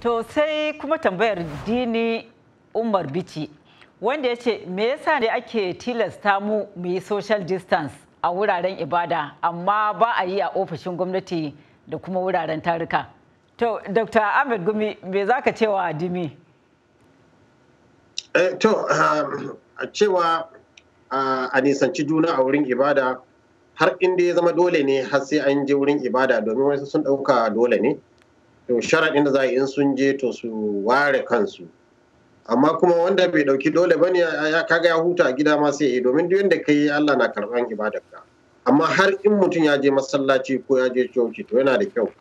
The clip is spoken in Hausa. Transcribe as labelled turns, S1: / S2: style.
S1: to sai kuma tambayar dini umar bici wanda ya ce me yasa ne ake tilasta mu mu yi social distance a wuraren ibada amma ba a yi a ofishin gwamnati da kuma wuraren taruka to dr ahmed gumi me za ka cewa dimi eh, to um,
S2: a cewa a nisanci juna a wurin ibada har inda ya zama dole ne har sai an je wurin ibada domin wasu sun ɗauka dole ne to sharaɗin da za in sun je to su ware kansu amma kuma wanda bai ɗauki dole ba ne ya kaga ya huta a gida ma sai ya yi domin duk yadda ka yi Allah na karɓan ibadarka amma har in mutum ya je masallaci ko ya je coci to yana da kyau